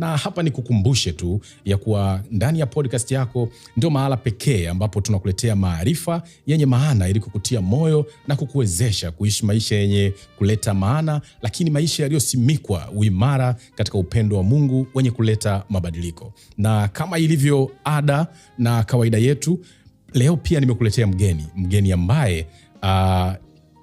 Na hapa ni kukumbushe tu ya kuwa ndani ya podcast yako ndio mahala pekee ambapo tunakuletea maarifa yenye maana ili kukutia moyo na kukuwezesha kuishi maisha yenye kuleta maana, lakini maisha yaliyosimikwa uimara katika upendo wa Mungu wenye kuleta mabadiliko. Na kama ilivyo ada na kawaida yetu, leo pia nimekuletea mgeni, mgeni ambaye uh,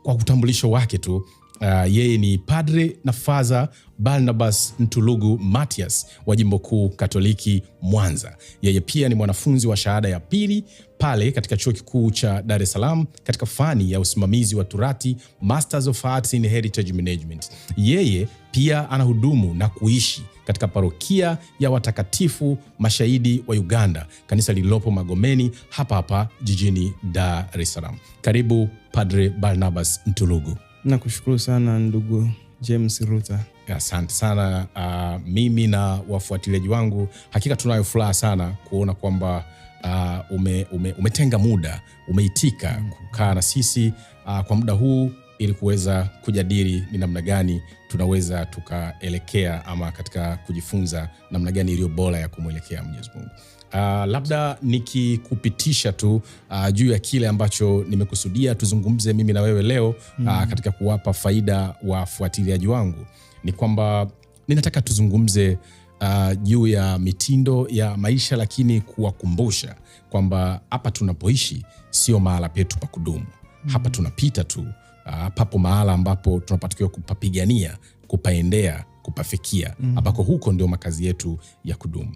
kwa utambulisho wake tu Uh, yeye ni padre na faza Barnabas Mtulugu Matias wa Jimbo Kuu Katoliki Mwanza. Yeye pia ni mwanafunzi wa shahada ya pili pale katika Chuo Kikuu cha Dar es Salaam katika fani ya usimamizi wa turati, Masters of Arts in Heritage Management. Yeye pia anahudumu na kuishi katika parokia ya watakatifu mashahidi wa Uganda, kanisa lililopo Magomeni hapa hapa jijini Dar es Salaam. Karibu Padre Barnabas Mtulugu. Nakushukuru sana ndugu James Ruta. Asante sana uh, mimi na wafuatiliaji wangu hakika tunayo furaha sana kuona kwamba uh, ume, ume, umetenga muda umeitika kukaa na sisi uh, kwa muda huu ili kuweza kujadili ni namna gani tunaweza tukaelekea ama katika kujifunza namna gani iliyo bora ya kumwelekea Mwenyezi Mungu. Uh, labda nikikupitisha tu uh, juu ya kile ambacho nimekusudia tuzungumze mimi na wewe leo mm. uh, katika kuwapa faida wafuatiliaji wangu ni kwamba ninataka tuzungumze uh, juu ya mitindo ya maisha, lakini kuwakumbusha kwamba hapa tunapoishi sio mahala petu pa kudumu. Mm. hapa tunapita tu uh, papo mahala ambapo tunapatikiwa kupapigania kupaendea kupafikia mm. ambako huko ndio makazi yetu ya kudumu.